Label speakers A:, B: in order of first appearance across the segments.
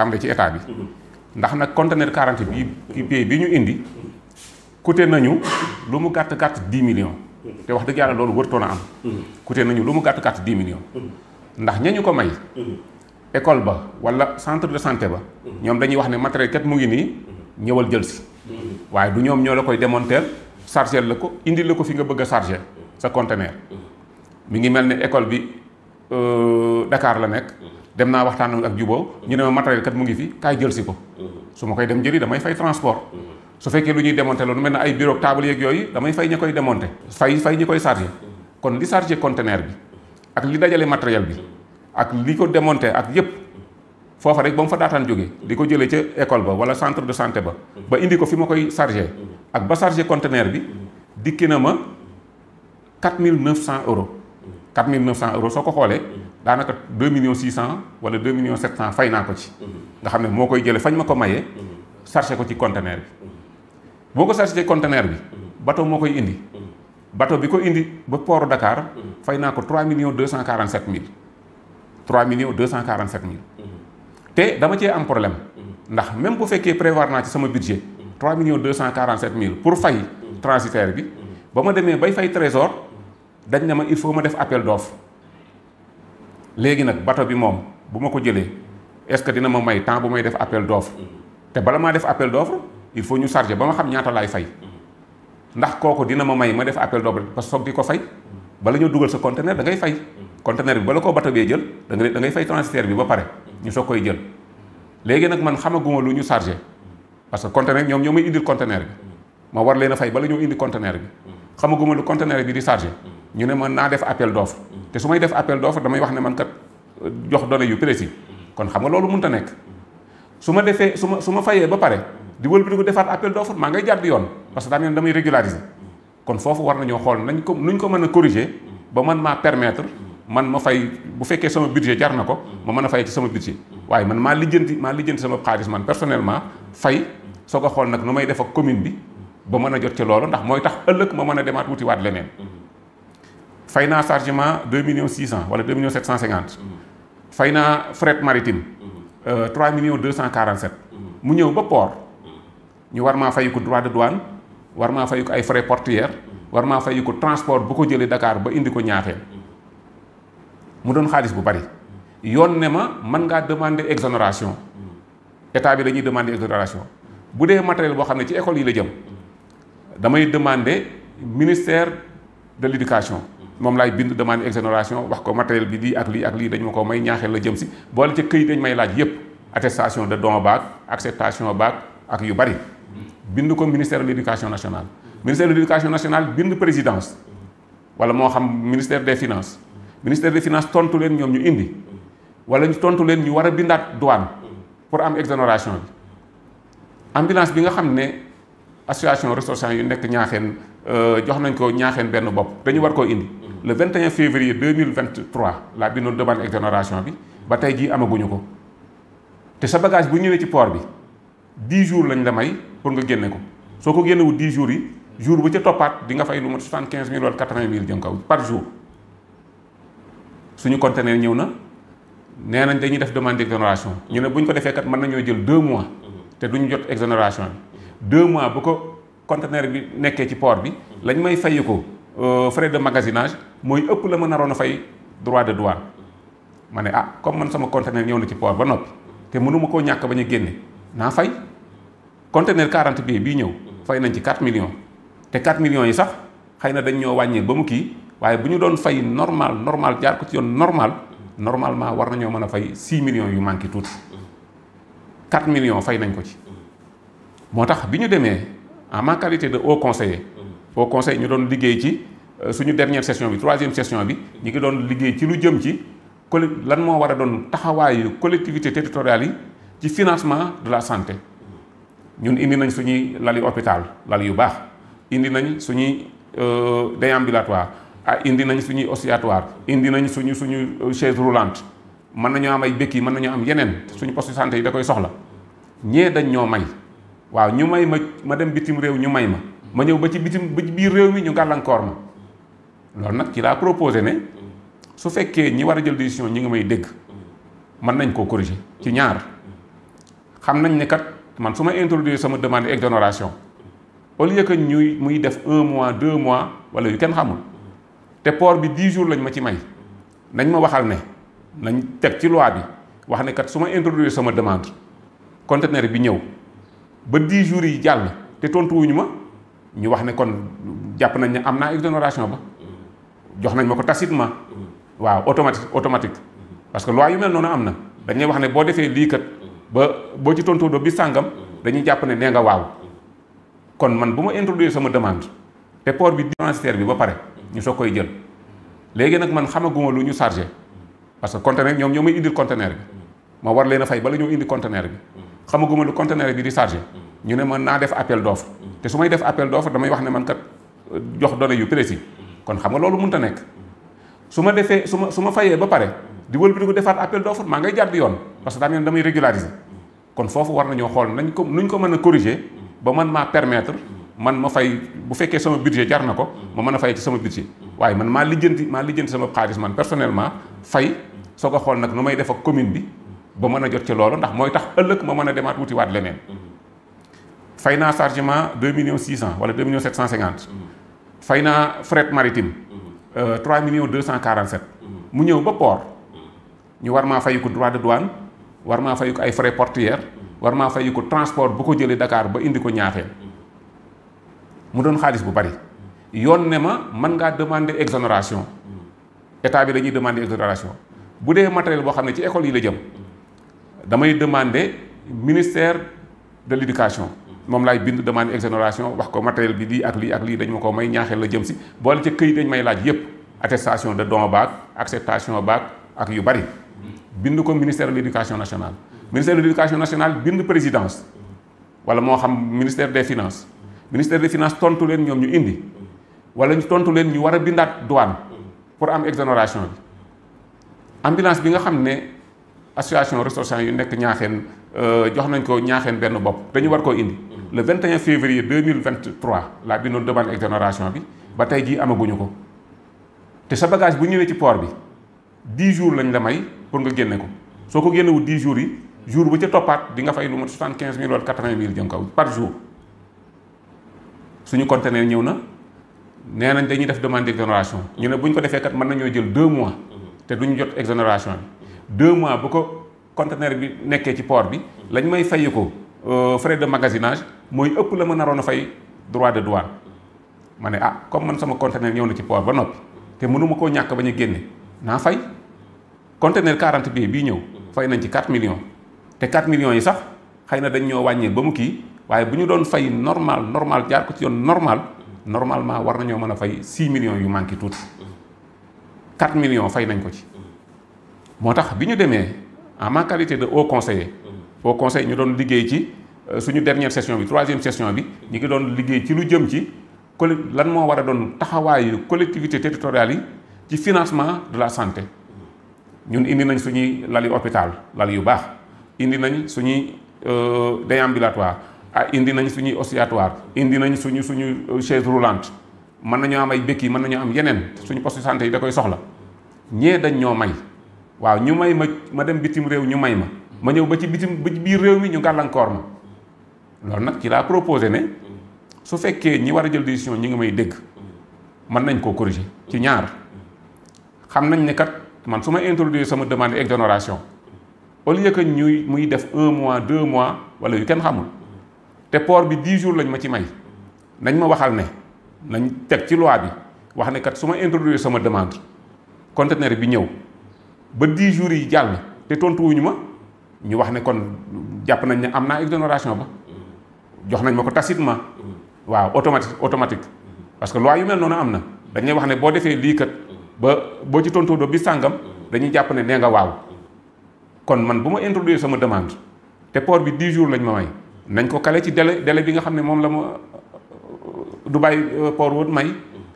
A: xam tàmbalee ci état bi mhm. ndax na conteneur 40 bi bi bi ñu indi coûté nañu lu mu gàtt gàtt 10 millions mhm. te wax dëgg yàlla loolu wërtoon a am mhm. coûté nañu lu mu gàtt gàtt 10 millions ndax ñañu ko may école ba wala centre de santé ba ñoom dañuy wax ne matériel kat mu ngi nii ñëwal jël si waaye du ñoom ñoo la koy démonter chargé la ko indil la ko fi nga bëgg a chargé sa conteneur mi ngi mel ni école bi euh, Dakar la nekk dem naa waxtaan ak juboo ñu ne ma matériel kat mu ngi fi kaay jël si ko mhm. su ma koy dem jëli damay fay transport mhm. su fekkee lu ñuy démonté loolu mel na ay bureau table yeeg yooyu damay fay ñi koy démonté fay fay ñu koy chargé mhm. kon li chargé conteneur bi ak li dajale matériel bi ak li ko démonté ak yépp foofa rek ba mu fa daataan jóge di ko jëlee ca école ba wala centre de santé ba ba indi ko fi ma koy chargé ak ba chargé conteneur bi dikki na ma 4900 euros 4900 euros soo ko xoolee daanaka deux millions six cent wala deux millions sept cent fay naa ko ci nga xam ne moo koy jële fañ ma ko maye chargé ko ci conteneur bi boo ko chargé conteneur bi bateau moo koy indi bateau bi ko indi ba port dakaar fay naa ko trois millions deux cent quarante sept mille trois millions deux cent quarante sept mille te dama cee am problème ndax même bu fekkee prévoir naa ci sama budget trois millions deux cent quarante sept mille pour fay transitaire bi ba ma demee bay fay trésor dañ ne ma il faut ma def appel d'offre léegi nag bato bi moom bu ma ko jëlee est-ce que dina ma may temps bu may def appel d'offre mm-hmm. te bala maa def appel d'offre il faut ñu charger ba ma xam ñaata laay fay mm-hmm. ndax kooku dina ma may ma def appel d'offre parce que soog di ko fay mm-hmm. bala ñoo dugal sa conteneur da ngay fay conteneur bi bala koo bato bee jël da ngay ngay fay transitaire bi ba pare ñu soo koy jël léegi nag man xamaguma lu ñu chargé parce que conteneur ñoom ñoo may indil conteneur bi ma war leen fay bala ñoo indi conteneur bi xamaguma lu conteneur bi di chargé ñu ne man naa def appel d'offre te su may def appel d'offre damay wax ne man kat jox données yu précis kon xam nga loolu mun mënta nekk su ma defee su ma su ma fayee ba pare di wëlbati ko defaat appel d'offre maa ngay jàdd yoon parce que tamit damay régulariser kon foofu war nañoo xool nañ ko nuñ ko mën a corriger ba man maa permettre man ma fay bu fekkee sama budget jar na ko ma mën a fay ci sama budget waaye man maa lijjanti maa lijjanti sama xaalis man personnellement fay soo ko xool nag may def ak commune bi ba mën a jot ci loolu ndax mooy tax ëllëg ma mën a demaat wuti waat fay naa chargement deux millions six cent wala deux millions sept cent cinquante fay naa fret maritime euh, trois millions deux cent quarante sept mu ñëw ba port ñu war maa fayu ko droit de douane war maa fayu ko ay frais portuaire war maa fayu ko transport bu ko jëlee Dakar ba indi ko ñaafeen mu doon xaalis bu bari yoon ne ma man ngaa demander exonération état bi dañuy demande exonération bu dee matériel boo xam ne ci école yi la jëm damay demander ministère de l'éducation moom laay bind demande exonération wax ko matériel bi lii ak lii ak lii dañ ma ko may ñaaxeel la jëm si boole ca këyit dañ may laaj yépp attestation de don baag acceptation baag ak yu bari bind ko ministère de l'éducation nationale ministère de l'éducation nationale bind présidence wala moo xam ministère de finances ministère des finances tontu leen ñoom ñu indi wala ñu tontu leen ñu war a bindaat douane pour am exonération bi ambulance bi nga xam ne association ressortissants yu nekk ñaaxeen euh, jox nañ ko ñaaxeen benn bopp dañu war koo indi le 21 février 2023 laa bindoon demande exonération bi ba tey jii amaguñu ko te sa bagage bu ñëwee ci port bi 10 jours lañ la may pour nga génne ko soo ko génnewul 10 jours yi jour bu ca toppaat dinga fay lu mat 75 mille wala 80 mille jëm kaw par jour suñu conteneur ñëw na nee nañ dañuy def demande exonération ñu ne bu ñu ko defee kat mën nañoo jël deux mois te duñu jot exonération bi 2 mois bu ko conteneur bi nekkee ci port bi lañ may fayi ko Euh, frais de magasinage mooy ëpp la ma naroon a fay droit de douane ma ne ah comme man sama conteneur ñëw na ci port ba noppi te mënuma koo ñàkk ba ñu génne naa fay conteneur quarante bi bii ñëw fay nañ ci 4 million te 4 millions yi sax xëy na dañ ñoo wàññee ba mu kii waaye bu ñu doon fay normal normal jaar ko ci yoon normal normalement war nañoo mën a fay 6 millions yu manqué tuuti 4 million fay nañ ko ci moo tax bi ñu demee en ma qualité de haut conseiller au conseil ñu doon liggéey ci euh, suñu dernière session bi troisième session bi ñu ngi doon liggéey ci lu jëm ci col lan moo war a doon taxawaayu collectivité territoriale yi ci financement de la santé ñun indi nañ suñuy lali hôpital lal yu baax indi nañ suñuy euh, déambulatoire ah indi nañ suñuy oscillatoire indi nañ suñu suñu euh, chaise roulante mën nañoo am ay békki mën nañu am yeneen suñu poste santé yi da koy soxla ñee dañ ñoo may waaw ñu may ma ma dem bitim réew ñu may ma ma ñëw ba ci bitim ba ci biir réew mi ñu gàllankoor ma loolu nag ci laa proposé ne su fekkee ñi war a jël décision ñi ngi may dégg man nañ koo corriger ci ñaar xam nañ ne kat man su ma introduire sama demande exonération au lieu que ñuy muy def un mois deux mois wala yu kenn xamul te port bi dix jours lañ ma ci may nañ ma waxal ne nañ teg ci loi bi wax ne kat su ma introduire sama demande conteneur bi ñëw ba dix jours yi jàll te tontuwuñu ma. ñu wax ne kon jàpp nañ ne am naa exonération ba jox nañ ma ko tacitement waaw automatique automatique parce que loi yu mel noonu am na dañuy wax ne boo defee lii ba boo ci tontoo bi sàngam dañuy jàpp ne nee nga waaw kon man bu ma introduire sama demande te port bi transitaire bi ba pare ñu soo koy jël léegi nag man xamaguma lu ñu chargé parce que conteneur ñoom ñoo may indil conteneur bi ma war leen fay bala ñoo indi conteneur bi xamaguma lu conteneur bi di chargé ñu ne man naa def appel d'offre te su may def appel d'offre damay wax ne man kat euh, jox données yu précis kon xam nga loolu mënta nekk su ma defee su ma su ma fayee ba pare di wëlbati ko defaat appel d'offre maa ngay jàdd yoon parce que daa mel damay régulariser kon foofu war nañoo xool nañ ko nuñ ko mën a corriger ba man maa permettre man ma fay bu fekkee sama budget jar na ko ma mën a fay ci sama budget waaye man maa lijjanti maa lijjanti sama xaalis man personnellement fay soo ko nag nu may def ak commune bi ba mën a jot loolu ndax mooy tax ëllëg ma mën a demaat wuti waat leneen fay naa chargement deux millions six cent wala deux millions sept cent fay naa fret maritime euh, trois millions deux cent quarante sept mu ñëw ba port ñu war maa fayu ko droit de douane war maa fayu ko ay frais portuaires war maa fayu ko transport bu ko jëlee Dakar ba indi ko ñaafeel mu doon xaalis bu bari yoon ne ma mën ngaa demander exonération état bi dañuy demander exonération bu dee matériel boo xam ne ci école yi la jëm damay demander ministère de l'éducation moom laay bind demande exonération wax ko matériel bi lii ak lii ak lii dañ ma ko may ñaaxeel la jëm si boole ca këyit dañ may laaj yépp attestation de don baag acceptation baag ak yu bari bind ko ministère de l'éducation nationale ministère de l'éducation nationale bind présidence wala moo xam ministère des finance ministère de finances tontu leen ñoom ñu indi wala ñu tontu leen ñu war a bindaat douane pour am exonération bi ambulance bi nga xam ne association ressortissants yu nekk ñaaxeen euh, jox nañ ko ñaaxeen benn bopp dañu war koo indi le 21 février 2023 laa bindoon demande exonération bi ba tey jii amaguñu ko te sa bagage bu ñëwee ci port bi 10 jours lañ la may pour nga génne ko soo ko génnewul 10 jours yi jour bu ca toppaat di nga fay lu mat 75000 wala 80000 jëm kaw par jour suñu conteneur ñëw na nee nañ dañuy def demande exonération ñu ne bu ñu ko defee kat mën nañoo jël deux mois te duñu jot exonération bi 2 mois bu ko conteneur bi nekkee ci port bi lañ may fayi ko euh, frais de magasinage mooy ëpp la ma naroon a fay droit de douane ma ne ah comme man sama conteneur ñëw na ci port ba noppi te mënuma koo ñàkk ba ñu génne naa fay conteneur 40 bi bii ñëw fay nañ ci 4 million te 4 millions yi sax xëy na dañ ñoo wàññeel ba mu kii waaye bu ñu doon fay normal normal jaar ko ci yoon normal normalement war nañoo mën a fay 6 millions yu manqué tuuti 4 millions fay nañ ko ci moo tax bi ñu demee en ma qualité de haut conseiller haut conseiller ñu doon liggéey ci Euh, suñu dernière session bi troisième session bi ñu ngi doon liggéey ci lu jëm ci colle lan moo war a doon taxawaayu collectivité territoriale yi ci financement de la santé ñun indi nañ suñuy lali hôpital lal yu baax indi nañ suñuy euh, déambulatoire ah indi nañ suñuy oscillatoire indi nañ suñu suñu euh, chaise roulante mën nañoo am ay békki mën nañu am yeneen suñu poste santé yi da koy soxla ñee dañ ñoo may waaw ñu may ma ma dem bitim réew ñu may ma ma ñëw ba ci bitim ba ci réew mi ñu gàllankoor ma loolu nag ci laa proposé ne su fekkee ñi war a jël décision ñi ngi may dégg man nañ koo corriger ci ñaar xam nañ ne kat man su ma introduire sama demande exonération au lieu que ñuy muy def un mois deux mois wala yu kenn xamul te port bi dix jours lañ ma ci may nañ ma waxal ne nañ teg ci loi bi wax ne kat su ma introduire sama demande conteneur bi ñëw ba dix jours yi jàll te tontuwuñu ma ñu wax ne kon jàpp nañ ne am naa exonération ba. jox nañ ma ko tacitement mm-hmm. waaw automatique automatique mm-hmm. parce que loi yu mel noonu am na mm-hmm. dañuy wax ne boo defee lii kat ba boo ci tontoo do bi sàngam dañuy jàpp ne nee nga waaw kon man bu ma introduire sama demande te port bi 10 jours lañ ma may nañ ko kale ci délai délai bi nga xam ne moom la ma euh, du bàyyi euh, port woon may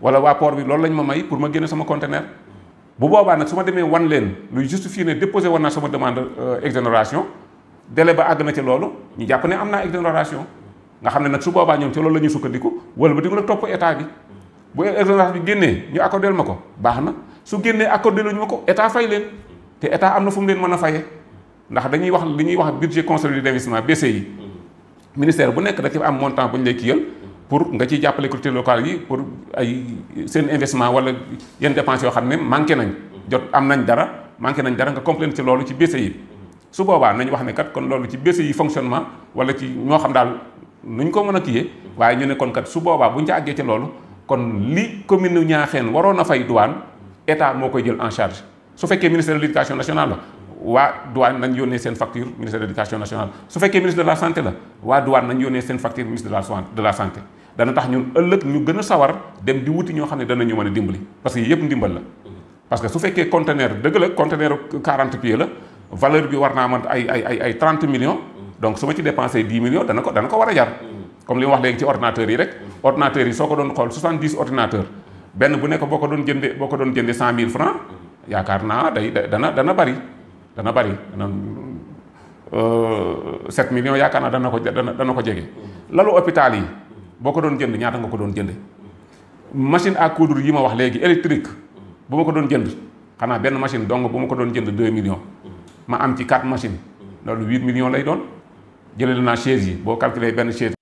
A: wala waa port bi loolu lañ ma may pour ma génne sama conteneur bu boobaa nag su ma demee wan leen luy justifier ne déposé woon naa sama demande euh, exonération délai ba àgg na ci loolu ñu jàpp ne am naa exonération nga xam ne nag su boobaa ñoom ci loolu la sukkandiku wala ba di nag topp état bi bu exonération bi génnee ñu accordel ma ko baax na su génnee accordé ma ko état fay leen te état am na fu mu leen mën a fayee ndax dañuy wax li ñuy wax budget consolidé d'investissement BCI ministère bu nekk da ci am montant bu ñu lay kiyal pour nga ciy jàppale collectivités locales yi pour ay seen investissement wala yenn dépenses yoo xam ne manqué nañ jot am nañ dara manqué nañ dara nga complété ci loolu ci BCI ne kat kon loolu ci BCI fonctionnement wala ci nuñ ko mën a kiyee waaye ñu ne kon kat su boobaa buñ ca àggee ci loolu kon li commune Niakhène waroon a fay douane état moo koy jël en charge su fekkee ministère de l' nationale la waa douane nañ yónnee seen facture ministère de l' su fekkee ministre de la santé la waa douane nañ yónnee seen facture ministre de la de santé dana tax ñun ëllëg ñu gën a sawar dem di wuti ñoo xam ne danañu mën a dimbali parce que yëpp ndimbal la parce que su fekkee conteneur dëgg la conteneur 40 pieds la valeur bi war naa mën ay ay ay ay donc su ma ci dépensé 10 millions dana ko dana ko war a jar comme li ma wax léegi ci ordinateurs yi rek ordinateurs yi soo ko doon xool 70 ordinateur benn bu nekk boo ko doon jënde boo ko doon jënde 100 000 francs yaakaar naa day dana dana bari dana bari dana euh, set millions yaakaar naa dana ko dana dana ko jege lalu hôpital yi boo ko doon jënd ñaata nga ko doon jënd machine à coudre yi ma wax léegi électrique bu ma ko doon jënd xanaa benn machine donc bu ma ko doon jënd 2 millions ma am ci 4 machine loolu 8 millions lay doon jëlee naa chaise yi boo calculé benn chaise